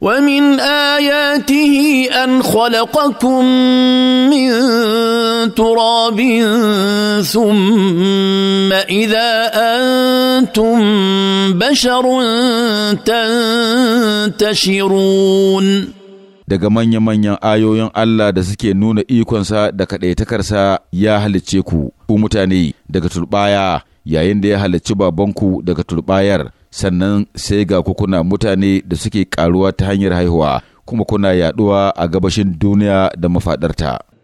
ومن اياته ان خلقكم من تراب ثم اذا انتم بشر تنتشرون daga manya-manyan ayoyin Allah da suke nuna ikonsa da kaɗaitakarsa ya halicce ku, ku mutane daga turɓaya yayin da ya halicci babanku daga turɓayar. sannan sai ga kukuna mutane da suke karuwa ta hanyar haihuwa kuma kuna yaduwa a gabashin duniya da mafadarta.